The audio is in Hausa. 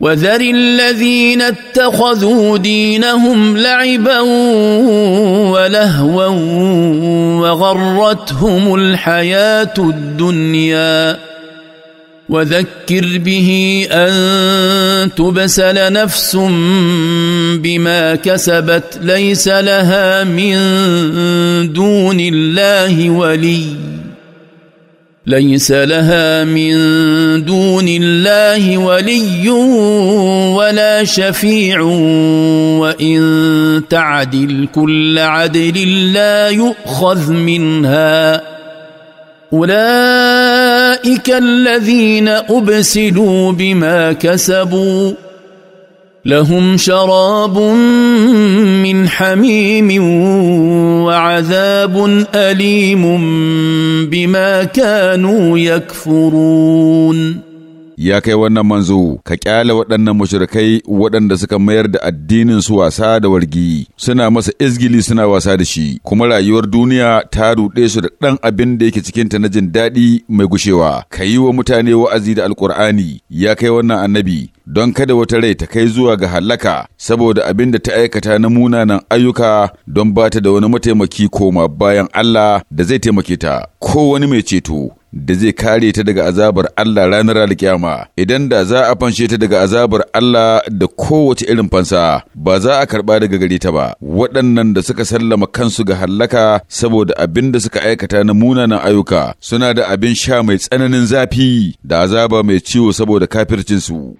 وذر الذين اتخذوا دينهم لعبا ولهوا وغرتهم الحياه الدنيا وذكر به ان تبسل نفس بما كسبت ليس لها من دون الله ولي ليس لها من دون الله ولي ولا شفيع وان تعدل كل عدل لا يؤخذ منها اولئك الذين ابسلوا بما كسبوا لهم شراب من حميم وعذاب اليم بما كانوا يكفرون ya kai wannan manzo ka kyale waɗannan mushrikai waɗanda suka mayar da addinin su wasa da wargi suna masa izgili suna wasa da shi kuma rayuwar duniya ta ruɗe su da ɗan abin da yake cikin ta na jin daɗi mai gushewa ka yi wa mutane wa'azi da alƙur'ani ya kai wannan annabi don kada wata rai ta kai zuwa ga hallaka saboda abin da ta aikata na munanan ayyuka don ba ta da wani mataimaki koma bayan Allah da zai taimake ta ko wani mai ceto da zai kare ta daga azabar Allah ranar alkiyama idan da za a fanshe ta daga azabar Allah da kowace irin fansa ba za a karba daga gare ta ba waɗannan da suka sallama kansu ga hallaka saboda abin da suka aikata na munanan ayyuka suna da abin sha mai tsananin zafi da azaba mai ciwo saboda kafircinsu